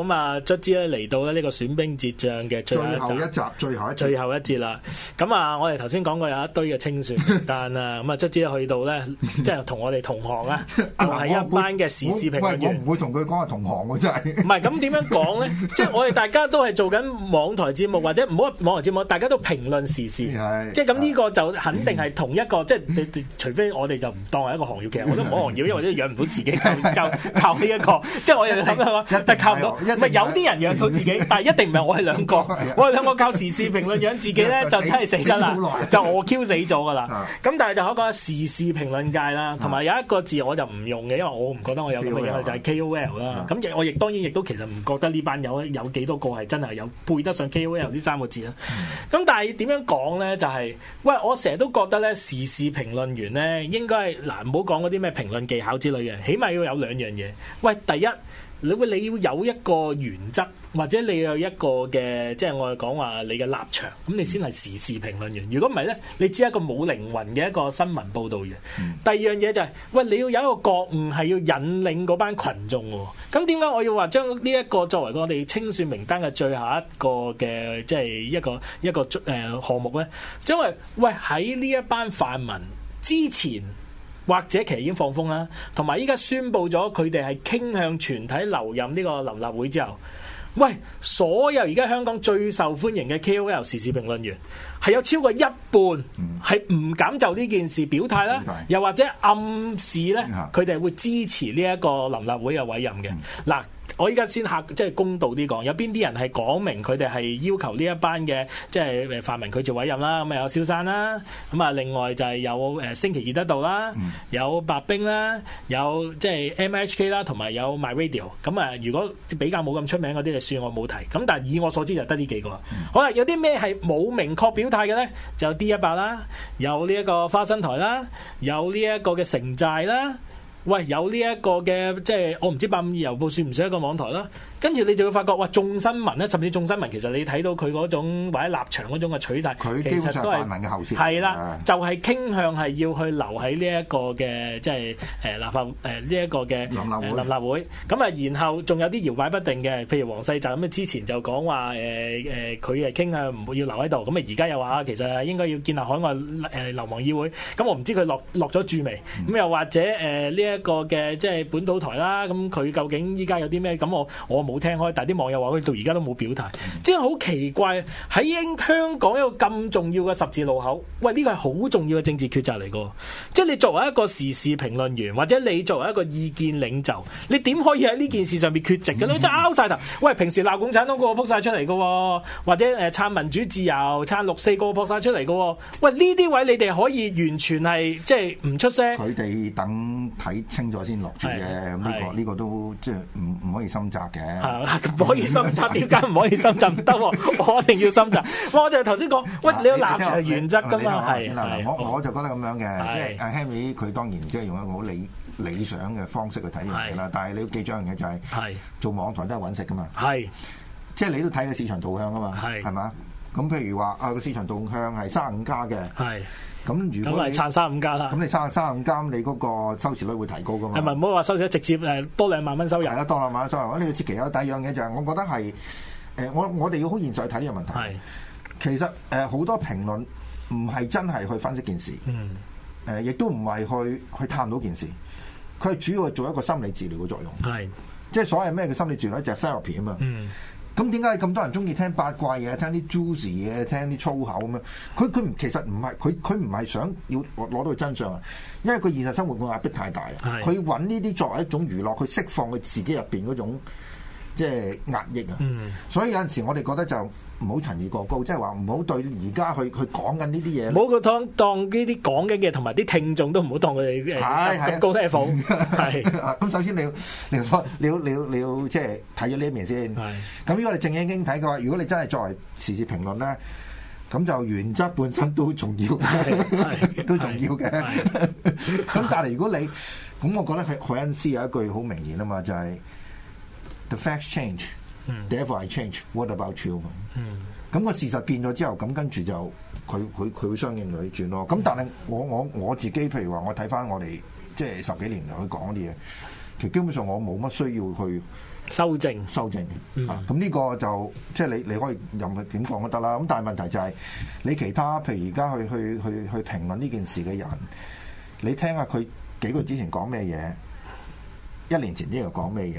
咁啊，卒之咧嚟到咧呢個損兵折將嘅最後一集最後一最後一節啦。咁啊，我哋頭先講過有一堆嘅清算但啊，咁啊，卒之去到咧，即係同我哋同行啊，係一班嘅時事評論員。我唔會同佢講係同行喎，真係。唔係，咁點樣講咧？即係我哋大家都係做緊網台節目，或者唔好網台節目，大家都評論時事。即係咁呢個就肯定係同一個，即係你除非我哋就唔當係一個行業，其實我都唔好行業，因為都養唔到自己靠呢一個。即係我哋諗諗，得靠唔到。唔係有啲人養到自己，但係一定唔係我哋兩個，我哋兩個靠時事評論養自己咧，就真係死得啦，就我 Q 死咗噶啦。咁但係就嗰個時事評論界啦，同埋有一個字我就唔用嘅，因為我唔覺得我有咁嘅嘢就係 KOL 啦。咁亦我亦當然亦都其實唔覺得呢班友有幾多個係真係有配得上 KOL 呢三個字啦。咁但係點樣講咧？就係喂，我成日都覺得咧，時事評論員咧應該係嗱，唔好講嗰啲咩評論技巧之類嘅，起碼要有兩樣嘢。喂，第一。你會你要有一個原則，或者你有一個嘅，即係我係講話你嘅立場，咁你先係時事評論員。如果唔係咧，你只係一個冇靈魂嘅一個新聞報導員。嗯、第二樣嘢就係、是，喂，你要有一個覺悟，係要引領嗰班群眾、哦。咁點解我要話將呢一個作為我哋清算名單嘅最後一個嘅，即、就、係、是、一個一個誒項目咧？因為喂喺呢一班泛民之前。或者其實已經放風啦，同埋依家宣布咗佢哋係傾向全體留任呢個臨立會之後，喂，所有而家香港最受歡迎嘅 KOL 時事評論員係有超過一半係唔敢就呢件事表態啦，又或者暗示呢，佢哋會支持呢一個臨立會嘅委任嘅嗱。我依家先客即係公道啲講，有邊啲人係講明佢哋係要求呢一班嘅即係誒泛民拒絕委任啦，咁啊有蕭生啦，咁啊另外就係有誒星期二得到啦，有白冰啦，有即係 MHK 啦，同埋有 MyRadio。咁啊，如果比較冇咁出名嗰啲，就算我冇提。咁但係以我所知就得呢幾個。好啦，有啲咩係冇明確表態嘅咧？就 D 一百啦，100，有呢一個花生台啦，有呢一個嘅城寨啦。喂，有呢一個嘅，即、就、係、是、我唔知八五二郵報算唔算一個網台啦。跟住你就會發覺哇，眾新聞咧，甚至眾新聞其實你睇到佢嗰種或者立場嗰種嘅取態，佢基本上泛民嘅喉舌，係啦，就係、是、傾向係要去留喺呢一個嘅即係誒立法誒呢一個嘅立立會。咁、呃、啊，然後仲有啲搖擺不定嘅，譬如黃世澤咁啊，之前就講話誒誒佢係傾啊，唔會要留喺度。咁啊，而家又話其實應該要建立海外誒流亡議會。咁我唔知佢落落咗注未。咁、呃、又或者誒呢一個嘅即係本土台啦，咁、呃、佢究竟依家有啲咩？咁我我。我我冇聽開，但係啲網友話佢到而家都冇表態，即係好奇怪喺香港有一個咁重要嘅十字路口，喂呢個係好重要嘅政治決策嚟嘅，即係你作為一個時事評論員，或者你作為一個意見領袖，你點可以喺呢件事上面缺席嘅咧？即係拗晒頭，喂，平時鬧共產黨個個撲晒出嚟嘅，或者誒撐民主自由、撐六四個撲晒出嚟嘅，喂呢啲位你哋可以完全係即係唔出聲，佢哋等睇清楚先落注嘅，呢個呢個都即係唔唔可以心窄嘅。唔、啊、可以深圳，點解唔可以深圳唔得喎， 我一定要深圳。我就頭先講，喂，你要立場原則噶嘛？係是，我我就覺得咁樣嘅，即係 Henry 佢當然即係用一個好理理想嘅方式去睇嘢啦。是但係你要記住一樣嘢就係、是，是做網台都係揾食噶嘛，即係是你都睇個市場動向啊嘛，係嘛是？咁譬如話啊，個市場動向係三五加嘅，係咁是如果咁係撐三五加啦，咁你撐三五加，你嗰個收視率會提高噶嘛？係咪唔好話收視率直接誒多兩萬蚊收入係多啦係收。多啦，咁你要切記第一樣嘢就係我覺得係誒，我我哋要好現實去睇呢個問題。係是其實誒好多評論唔係真係去分析件事，誒亦都唔係去去探到件事，佢係主要做一個心理治療嘅作用。係是即係所謂咩叫心理治療就係、是、therapy 啊嘛。嗯。咁點解咁多人中意聽八卦嘢、啊、聽啲 juicy 嘢、啊、聽啲粗口咁樣、啊？佢佢其實唔係佢佢唔係想要攞到真相啊，因為佢現實生活個壓迫太大啊。佢揾呢啲作為一種娛樂，佢釋放佢自己入邊嗰種即係、就是、壓抑啊。嗯、所以有陣時我哋覺得就。唔好陳義過高，即係話唔好對而家去佢講緊呢啲嘢。唔好個當當呢啲講緊嘅，同埋啲聽眾都唔好當佢哋咁高低房。係係。咁首先你要你要你要你要即係睇咗呢一面先。係是。咁如果你正正經經睇嘅話，如果你真係作為時事評論咧，咁就原則本身都好重要嘅，是 都重要嘅。咁 但係如果你咁，我覺得係凱恩斯有一句好名言啊嘛，就係、是、The facts change。Therefore, I change，what about you？嗯，咁個事實變咗之後，咁跟住就佢佢佢會相應去轉咯。咁但係我我我自己，譬如話我睇翻我哋即係十幾年嚟去講啲嘢，其實基本上我冇乜需要去修正修正。修正啊、嗯，咁呢個就即係你你可以任佢點講都得啦。咁但係問題就係、是、你其他譬如而家去去去去評論呢件事嘅人，你聽下佢幾個月之前講咩嘢，一年前呢又講咩嘢。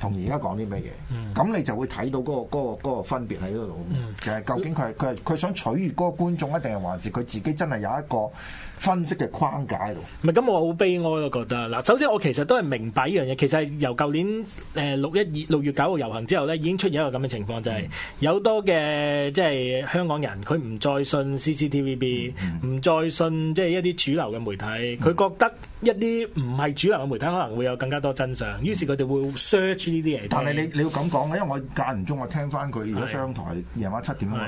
同而家講啲咩嘢？咁你就會睇到嗰個嗰個嗰個分別喺嗰度。其實 究竟佢係佢係佢想取悅嗰個觀眾啊，定係還是佢自己真係有一個分析嘅框架喺度？唔係咁，我好悲哀啊，覺得嗱。首先，我其實都係明白一樣嘢。其實係由舊年誒六一二六月九號遊行之後咧，已經出現一個咁嘅情況，就係有多嘅即係香港人，佢唔再信 CCTVB，唔、嗯、再信即係一啲主流嘅媒體，佢覺得一啲唔係主流嘅媒體可能會有更加多真相，於是佢哋會 search。但係你你要咁講，因為我間唔中我聽翻佢而家商台夜晚七點啊，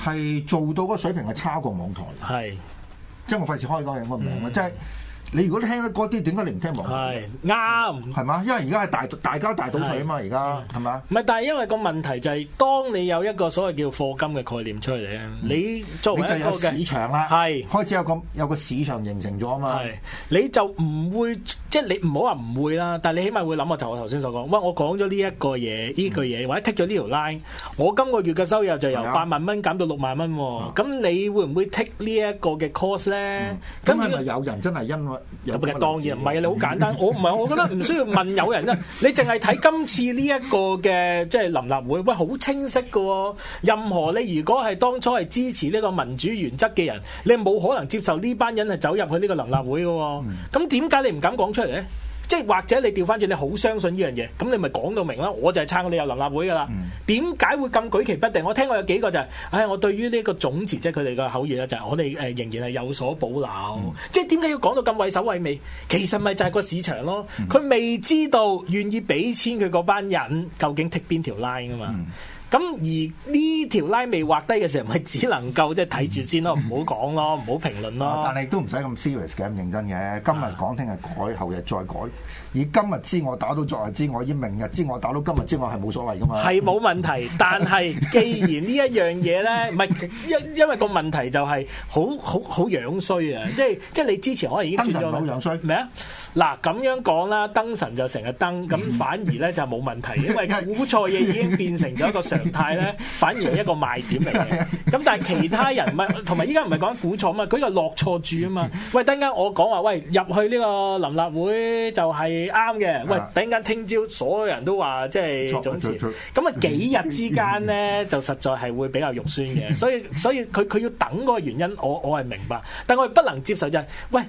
係做到個水平係差過網台，係即係我費事開嗰個名啦。即係你如果聽得嗰啲，點解你唔聽網台？啱係嘛？因為而家係大大家大賭台啊嘛，而家係嘛？唔係，但係因為個問題就係，當你有一個所謂叫課金嘅概念出嚟咧，你作為一個市場啦，係開始有個有個市場形成咗啊嘛，係你就唔會。即係你唔好話唔會啦，但係你起碼會諗下頭我頭先所講，喂，我講咗呢一個嘢、呢句嘢，或者 take 咗呢條 line，我今個月嘅收入就由八萬蚊減到六萬蚊，咁你會唔會 take 呢一個嘅 course 咧？咁係咪有人真係因為？當然唔係啊，你好簡單，我唔係，我覺得唔需要問有人啊，你淨係睇今次呢一個嘅即係臨立會，喂，好清晰噶，任何你如果係當初係支持呢個民主原則嘅人，你冇可能接受呢班人係走入去呢個臨立會噶，咁點解你唔敢講？出嚟咧，即係或者你調翻轉，你好相信呢樣嘢，咁你咪講到明啦。我就係撐你有臨立會噶啦，點解會咁舉棋不定？我聽過有幾個就係、是，唉、哎，我對於呢個總辭即係佢哋個口語啦，就係我哋誒仍然係有所保留。即係點解要講到咁畏首畏尾？其實咪就係個市場咯，佢未知道願意俾錢佢嗰班人究竟剔邊條 line 噶嘛。嗯嗯。咁而呢條 line 未畫低嘅時候，咪只能夠即係睇住先咯，唔好講咯，唔好評論咯。 啊、但係都唔使咁 serious 嘅，咁認真嘅。今日講，聽日改，後日再改。以今日之我打到昨日之我，以明日之我打到今日之我係冇所謂噶嘛？係冇問題。但係既然呢一樣嘢咧，唔係因因為個問題就係好好好樣衰啊！即係即係你之前可能已經出咗燈神冇樣衰咩啊？嗱咁樣講啦，燈神就成日燈，咁反而咧就冇問題，因為估錯嘢已經變成咗一個態咧 反而一個賣點嚟嘅，咁 但係其他人唔係，同埋依家唔係講估錯啊嘛，佢又落錯注啊嘛，喂！突然間我講話，喂入去呢個臨立會就係啱嘅， 喂！突然間聽朝所有人都話即係總辭，咁、就、啊、是、 幾日之間咧就實在係會比較肉酸嘅，所以所以佢佢要等嗰個原因，我我係明白，但我係不能接受就係、是、喂。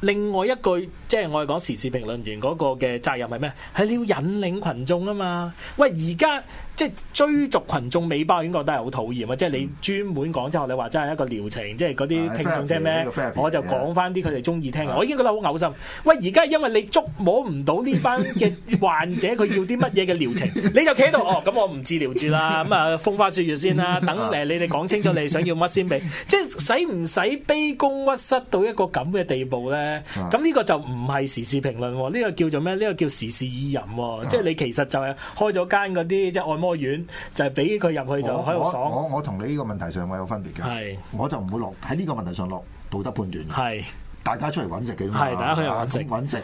另外一句，即係我哋講時事評論員嗰個嘅責任係咩？係你要引領群眾啊嘛！喂，而家即係追逐群眾尾巴，我已經覺得係好討厭啊！嗯、即係你專門講之後，你話真係一個療程，即係嗰啲聽眾啫咩？啊這個、我就講翻啲佢哋中意聽，啊、我已經覺得好嘔心。喂，而家係因為你捉摸唔到呢班嘅患者佢要啲乜嘢嘅療程， 你就企喺度哦，咁我唔治療住啦，咁啊風花雪月先啦、啊， 等誒你哋講清楚你係想要乜先俾。即係使唔使卑躬屈膝到一個咁嘅地步咧？咁呢、嗯、個就唔係時事評論喎、哦，呢、呢個叫做咩？呢、呢個叫時事意淫喎、哦，嗯、即係你其實就係開咗間嗰啲即係按摩院，就係俾佢入去就喺度爽。我我同你呢個問題上我有分別嘅，係是我就唔會落喺呢個問題上落道德判斷。係是大家出嚟揾食嘅嘛，大家去揾食揾食。啊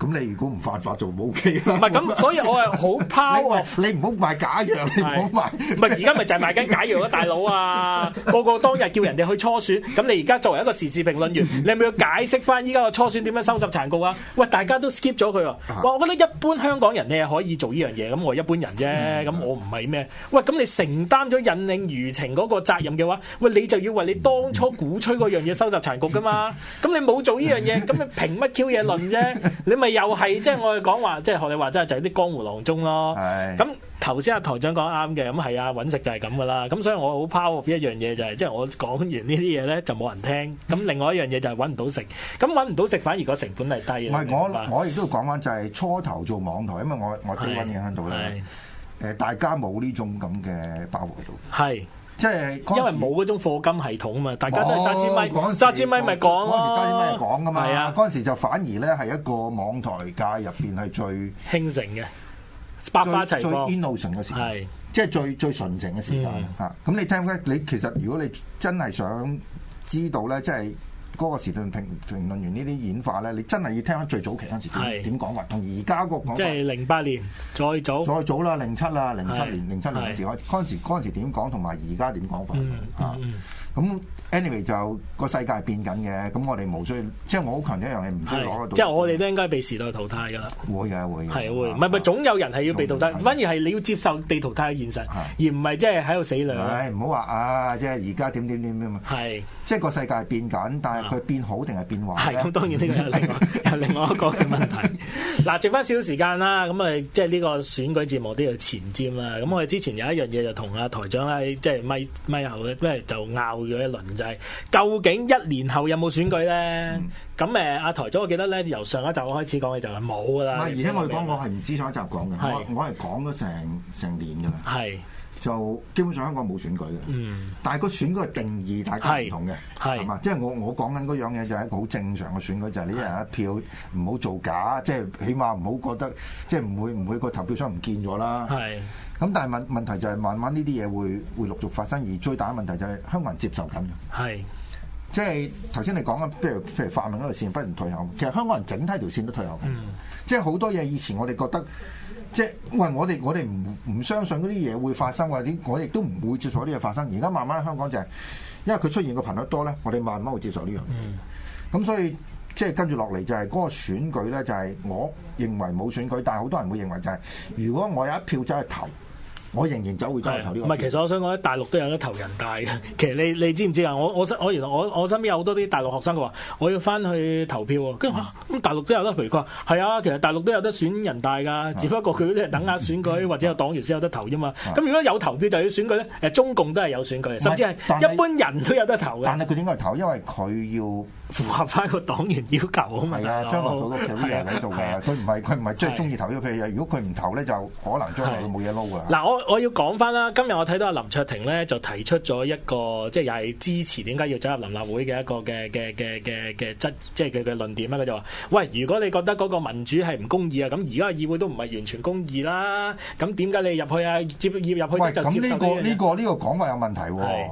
咁你如果唔犯法就 OK 啦。唔係咁，所以我係好 power。你唔好賣假藥，你唔好賣。唔係而家咪就係賣緊假藥啊，大佬啊！個個當日叫人哋去初選，咁你而家作為一個時事評論員，你係咪要解釋翻依家個初選點樣收拾殘局啊？喂，大家都 skip 咗佢喎。哇，我覺得一般香港人你係可以做依樣嘢，咁我一般人啫，咁我唔係咩？喂，咁你承擔咗引領輿情嗰個責任嘅話，喂，你就要為你當初鼓吹嗰樣嘢收拾殘局噶嘛？咁你冇做依樣嘢，咁你憑乜 Q 嘢論啫？你咪～ 又係即係我哋講話，即係學你話齋，就係、是、啲江湖郎中咯。咁頭先阿台長講啱嘅，咁係啊，揾食就係咁噶啦。咁所以我好 power 一樣嘢就係、是，即、就、係、是、我講完呢啲嘢咧就冇人聽。咁另外一樣嘢就係揾唔到食。咁揾唔到食，反而個成本係低。唔係 我我亦都要講翻，就係初頭做網台，因為我我低影響到咧。誒 是，是大家冇呢種咁嘅包袱喺度。係。即係，因為冇嗰種課金系統啊嘛，大家都係揸支咪，揸支咪咪講咯。嗰陣時揸支咪講㗎嘛。係啊，嗰陣時就反而咧係一個網台界入邊係最興盛嘅，百花齊放、innocent 嘅時係，即係最最純情嘅時間嚇。咁你聽唔聽，你其實如果你真係想知道咧，即係。嗰個時事評評論員呢啲演化咧，你真係要聽翻最早期嗰陣時點講法，同而家個講法。即係零八年，再早再早啦，零七啦，零七年、零七年嗰陣時開，嗰陣時點講，同埋而家點講法啊？咁 anyway 就個世界係變緊嘅，咁我哋無需，即係我好強調一樣嘢，唔需要即係我哋都應該被時代淘汰㗎啦。會嘅，會嘅。係會，唔係唔係，總有人係要被淘汰，反而係你要接受被淘汰嘅現實，而唔係即係喺度死兩。唔好話啊！即係而家點點點啊嘛。係，即係個世界係變緊，但佢變好定係變壞？係咁，當然呢個有另，有另外一個嘅問題。嗱，剩翻少少時間啦，咁啊，即係呢個選舉節目都要前瞻啦。咁我哋之前有一樣嘢就同阿台長咧，即係咪咪後咧，即係就拗咗一輪，就係究竟一年後有冇選舉咧？咁誒，阿台長，我記得咧，由上一集我開始講嘅就係冇噶啦。而且我哋講，我係唔知上一集講嘅，我我係講咗成成年噶啦。係，就基本上香港冇選舉嘅。嗯，但係個選舉嘅定義，大家唔同嘅，係嘛？即係我我講。講緊嗰樣嘢就係一個好正常嘅選舉，就係你一人一票唔好做假，即係起碼唔好覺得，即係唔會唔會個投票箱唔見咗啦。係是。咁但係問問題就係慢慢呢啲嘢會會陸續發生，而最大嘅問題就係香港人接受緊。係是。即係頭先你講緊譬如譬如泛民嗰條線不如退後，其實香港人整體條線都退後。是即係好多嘢以前我哋覺得。即係，我我哋我哋唔唔相信嗰啲嘢會發生，或者我哋都唔會接受啲嘢發生。而家慢慢在香港就係、是，因為佢出現嘅頻率多咧，我哋慢慢會接受呢樣嘢。咁、嗯、所以即係跟住落嚟就係、是、嗰、那個選舉咧，就係、是、我認為冇選舉，但係好多人會認為就係、是，如果我有一票走去投。我仍然走回走去投呢個，唔係 其實我想講喺大陸都有得投人大嘅。其實你你知唔知啊？我我我原來我我身邊有好多啲大陸學生，佢話我要翻去投票，跟住咁大陸都有得，譬如佢話係啊，其實大陸都有得選人大㗎，只不過佢即係等額選舉 或者有黨員先有得投啫嘛。咁 如果有投票就要選舉咧，誒中共都係有選舉，甚至係一般人都有得投嘅。 但係佢點解投？因為佢要。符合翻個黨員要求好嘛？係啊，將來佢個票嘅喺度㗎，佢唔係佢唔係即係中意投呢個票，如果佢唔投咧，就可能將來佢冇嘢撈㗎。嗱，我我要講翻啦，今日我睇到阿林卓廷咧就提出咗一個即係又係支持點解要走入臨立會嘅一個嘅嘅嘅嘅嘅質即係佢嘅論點啦。佢就話：喂，如果你覺得嗰個民主係唔公義啊，咁而家議會都唔係完全公義啦，咁點解你入去啊？接業入去就接受。喂，呢個呢個呢個講法有問題喎。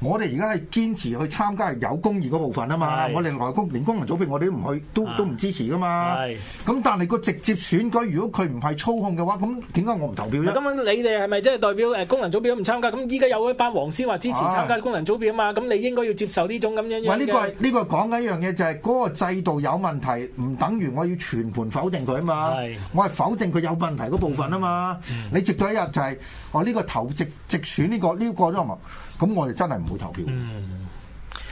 我哋而家係堅持去參加有公義嗰部分啊嘛，是的 我哋內閣連工人組別我哋都唔去，都是的 都唔支持噶嘛。咁是的 但係個直接選舉，如果佢唔係操控嘅話，咁點解我唔投票啫？咁樣你哋係咪即係代表誒工人組別唔參加？咁依家有一班黃絲話支持參加工人組別啊嘛，咁是的 你應該要接受呢種咁樣。喂，呢、這個呢、這個講緊一樣嘢就係、是、嗰、那個制度有問題，唔等於我要全盤否定佢啊嘛。是的 我係否定佢有問題嗰部分啊嘛。嗯嗯、你直到一日就係我呢個投直直選呢、這個呢、這個都唔。咁我哋真係唔會投票，嗯、mm.，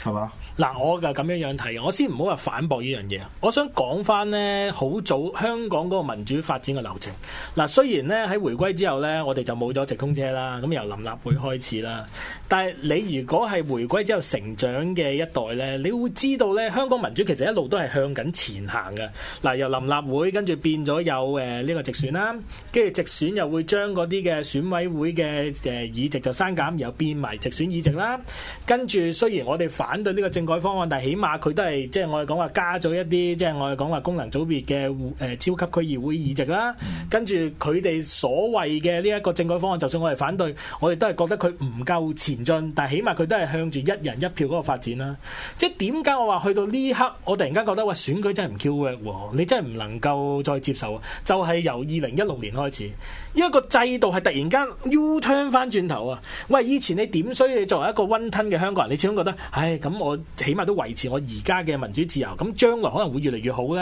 係嘛？嗱，我就咁樣樣睇，我先唔好話反駁呢樣嘢，我想講翻咧好早香港嗰個民主發展嘅流程。嗱，雖然咧喺回歸之後咧，我哋就冇咗直通車啦，咁由臨立會開始啦。但係你如果係回歸之後成長嘅一代咧，你會知道咧香港民主其實一路都係向緊前行嘅。嗱，由臨立會跟住變咗有誒呢、呃這個直選啦，跟住直選又會將嗰啲嘅選委會嘅誒、呃、議席就刪減，又變埋直選議席啦。跟住雖然我哋反對呢個。政改方案，但係起碼佢都係即係我哋講話加咗一啲，即係我哋講話功能組別嘅誒超級區議會議席啦。跟住佢哋所謂嘅呢一個政改方案，就算我哋反對，我哋都係覺得佢唔夠前進。但係起碼佢都係向住一人一票嗰個發展啦。即係點解我話去到呢刻，我突然間覺得喂選舉真係唔 Q 嘅，你真係唔能夠再接受啊！就係、是、由二零一六年開始，一個制度係突然間 U turn 返轉頭啊！喂，以前你點衰？你作為一個溫吞嘅香港人，你始終覺得唉咁我。起碼都維持我而家嘅民主自由，咁將來可能會越嚟越好呢。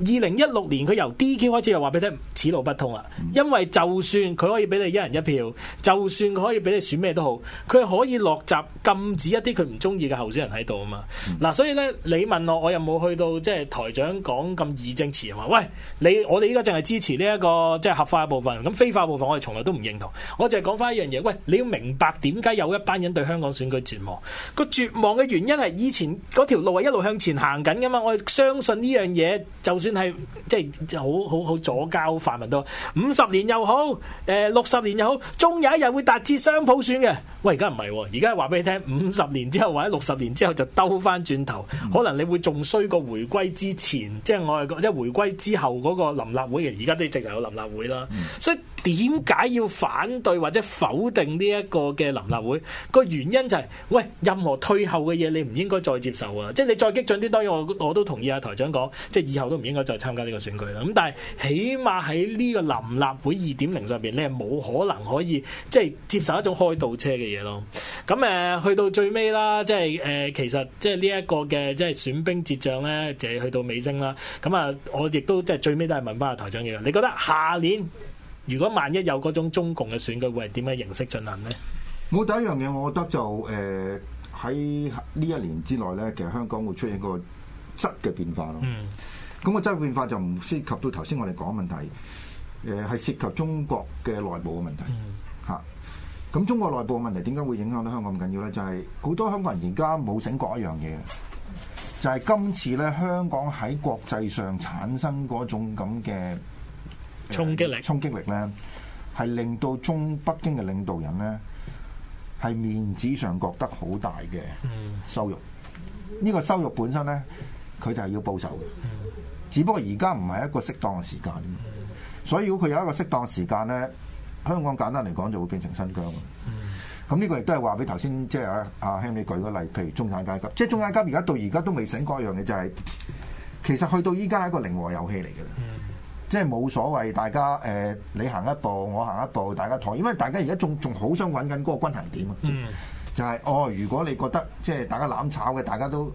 二零一六年佢由 DQ 開始就話俾你聽，此路不通啦。因為就算佢可以俾你一人一票，就算佢可以俾你選咩都好，佢可以落閘禁止一啲佢唔中意嘅候選人喺度啊嘛。嗱、嗯啊，所以呢，你問我，我又冇去到即係、就是、台長講咁義正詞啊嘛。喂，你我哋依家淨係支持呢、這、一個即係、就是、合法嘅部分，咁非法部分我哋從來都唔認同。我淨係講返一樣嘢，喂，你要明白點解有一班人對香港選舉絕望。個絕望嘅原因係。以前嗰條路係一路向前行緊噶嘛，我相信呢樣嘢，就算係即係好好好左膠泛民都五十年又好，誒六十年又好，仲有一日會達至雙普選嘅。喂，而家唔係喎，而家話俾你聽，五十年之後或者六十年之後就兜翻轉頭，可能你會仲衰過回歸之前，即係我係講即係回歸之後嗰個臨立會嘅，而家都直仲有臨立會啦，嗯、所以。點解要反對或者否定呢一個嘅臨立會個原因就係、是、喂，任何退後嘅嘢，你唔應該再接受啊！即係你再激進啲，當然我我都同意阿、啊、台長講，即係以後都唔應該再參加呢個選舉啦。咁但係起碼喺呢個臨立會二點零上邊，你係冇可能可以即係接受一種開倒車嘅嘢咯。咁誒去到最尾啦，即係誒、呃、其實即係呢一個嘅即係損兵折將咧，就去到尾聲啦。咁啊，我亦都即係最尾都係問翻阿台長嘅。你覺得下年？如果萬一有嗰種中共嘅選舉，會係點樣嘅形式進行呢？冇第一樣嘢，我覺得就誒喺呢一年之內咧，其實香港會出現一個質嘅變化咯。嗯，咁個質嘅變化就唔涉及到頭先我哋講問題，誒、呃、係涉及中國嘅內部嘅問題。嗯，咁、啊、中國內部嘅問題點解會影響到香港咁緊要咧？就係、是、好多香港人而家冇醒覺一樣嘢就係、是、今次咧香港喺國際上產生嗰種咁嘅。衝擊力，衝擊、呃、力咧，係令到中北京嘅領導人咧，係面子上覺得好大嘅羞辱。呢、嗯、個羞辱本身咧，佢就係要報仇嘅。嗯、只不過而家唔係一個適當嘅時間。所以如果佢有一個適當時間咧，香港簡單嚟講就會變成新疆。咁呢、嗯、個亦都係話俾頭先，即係阿阿亨你舉個例，譬如中產階級，即係中產階級而家到而家都未醒過一樣嘢，就是，就係其實去到依家係一個零和遊戲嚟嘅啦。嗯即係冇所謂，大家誒、呃、你行一步，我行一步，大家妥。因為大家而家仲仲好想揾緊嗰個均衡點啊！嗯、就係、是、哦，如果你覺得即係大家攬炒嘅，大家都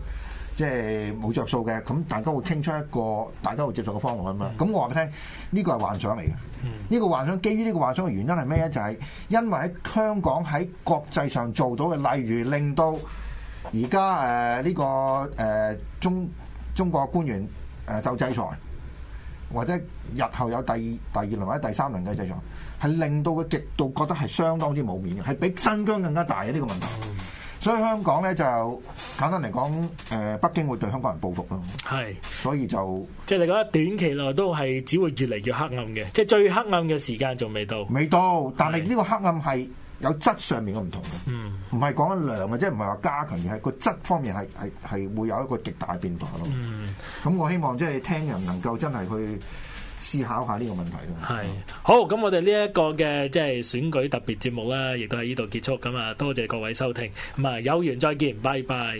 即係冇着數嘅，咁大家會傾出一個大家會接受嘅方案啊嘛。咁、嗯、我話俾你聽，呢個係幻想嚟嘅。呢、嗯、個幻想基於呢個幻想嘅原因係咩咧？就係、是、因為喺香港喺國際上做到嘅，例如令到而家誒呢個誒、呃、中中國官員誒受制裁。或者日後有第二第二輪或者第三輪嘅製造，係令到佢極度覺得係相當之冇面嘅，係比新疆更加大呢個問題。所以香港咧就簡單嚟講，誒北京會對香港人報復咯。係是，所以就即係你覺得短期內都係只會越嚟越黑暗嘅，即係最黑暗嘅時間仲未到，未到。但係呢個黑暗係有質上面嘅唔同嘅，唔係講緊量嘅，即係唔係話加強而係個質方面係係係會有一個極大嘅變化咯。咁、嗯、我希望即係聽人能夠真係去思考下呢個問題咯。係是、嗯、好，咁我哋呢一個嘅即係選舉特別節目啦，亦都係呢度結束咁啊！多謝各位收聽，咁啊有緣再見，拜拜。